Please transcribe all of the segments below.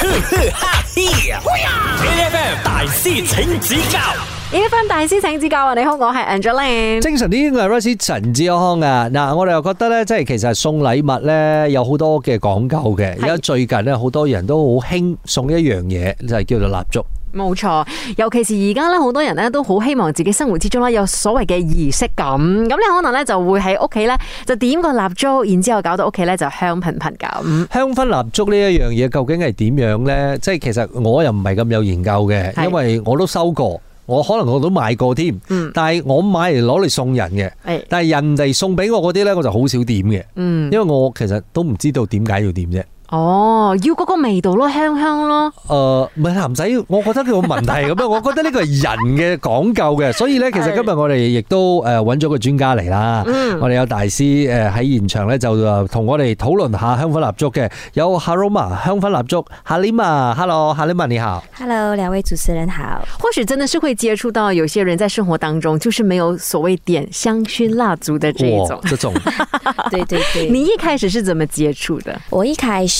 哈 h a F M 大師請指教，A F M、um, 大師請指教 health, 我 in, 啊！你好，我係 Angeline，精神啲我係 Rose 陳志康啊！嗱，我哋又覺得咧，即係其實送禮物咧有好多嘅講究嘅，而家最近咧好多人都好興送一樣嘢，是就係叫做蠟燭。冇錯，尤其是而家咧，好多人咧都好希望自己生活之中咧有所謂嘅儀式感。咁你可能咧就會喺屋企咧就點個蠟燭，然之後搞到屋企咧就香噴噴咁。香薰蠟燭呢一樣嘢究竟係點樣呢？即係其實我又唔係咁有研究嘅，因為我都收過，我可能我都買過添。但係我買嚟攞嚟送人嘅。但係人哋送俾我嗰啲呢，我就好少點嘅。因為我其實都唔知道點解要點啫。哦，要嗰個味道咯，香香咯。誒、呃，唔係男仔，我覺得佢有問題咁樣， 我覺得呢個係人嘅講究嘅，所以咧，其實今日我哋亦都誒揾咗個專家嚟啦。嗯，我哋有大師誒喺現場咧，就誒同我哋討論下香薰蠟燭嘅。有 Halima 香薰蠟燭，Halima。Hello，Halima，你好。Hello，兩位主持人好。或許真的是會接觸到有些人在生活當中，就是沒有所謂點香薰蠟燭的這種。這種、哦。 對對對， 你一開始是怎麼接觸的？我一開始。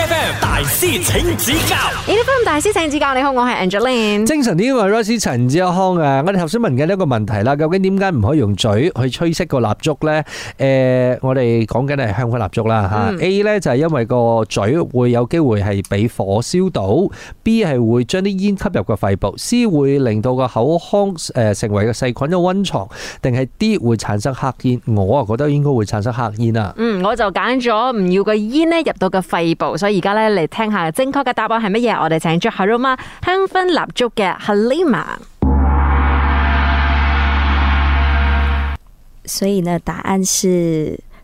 大師請，指教大師請指教。你好，我係 Angeline。精神啲嘅係 Rose 陳志康啊，我哋頭先問緊一個問題啦。究竟點解唔可以用嘴去吹熄個蠟燭呢？誒、呃，我哋講緊係香薰蠟燭啦吓。嗯、A 呢就係因為個嘴會有機會係俾火燒到，B 係會將啲煙吸入個肺部，C 會令到個口腔誒成為個細菌嘅溫床，定係 D 會產生黑煙？我啊覺得應該會產生黑煙啊。嗯，我就揀咗唔要個煙呢入到個肺部，所以而家呢嚟聽下正確嘅答案係乜嘢？我哋請咗 Haroma 香氛蠟燭嘅 Halima，所以呢答案是。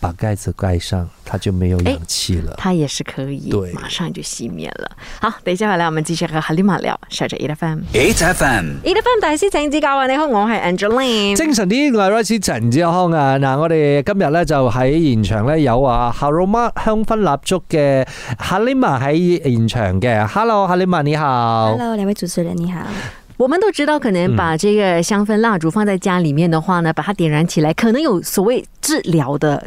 把蓋子蓋上，它就沒有氧氣了、欸。它也是可以，對，馬上就熄滅了。好，等一下回來，我們繼續和 Halima 聊。小哲，Eight FM，Eight FM，Eight FM 大師，請指教。你好，我係 Angelina。精神啲，我係 Rising 陳子康啊。嗱，我哋今日咧就喺現場咧有啊，Haroma 香氛蠟燭嘅 Halima 喺現場嘅。Hello，Halima 你好。Hello，兩位主持人你好。 我們都知道，可能把這個香氛蠟燭放在家裏面的話呢，把它點燃起來，可能有所謂治療的。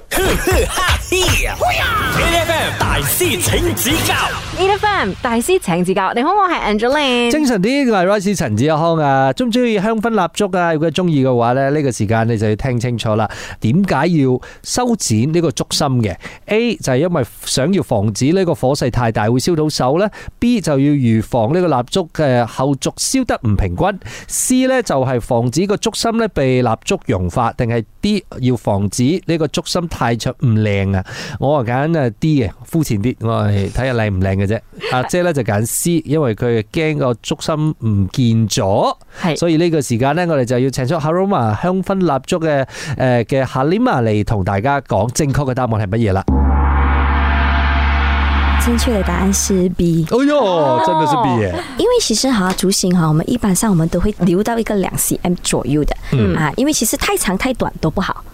哈哈哈！We are E F M 大師請指教，E F M 大師請指教。你好，我係 Angeline。正常啲，我係 Rice 陳子康啊。鍾唔鍾意香薰蠟燭啊？如果鍾意嘅話呢，呢個時間你就要聽清楚啦。點解要修剪呢個燭芯嘅？A 就係因為想要防止呢個火勢太大會燒到手呢。B 就要預防呢個蠟燭嘅後續燒得唔平均。C 呢就係防止個燭芯呢被蠟燭溶化，定係 D 要防止呢個燭芯太。睇出唔靚啊！我啊揀啊 D 嘅膚淺啲，我係睇下靚唔靚嘅啫。阿姐咧就揀 C，因為佢驚個燭芯唔見咗。係， 所以呢個時間咧，我哋就要請出 Haruma 香薰蠟燭嘅誒嘅、呃、Halima 嚟同大家講正確嘅答案係乜嘢啦？正確嘅答案是 B。哦喲，真的是 B 耶、欸！因為其實哈燭芯哈，我們一般上我們都會留到一個兩 cm 左右嘅，啊、嗯，因為其實太長太短都不好。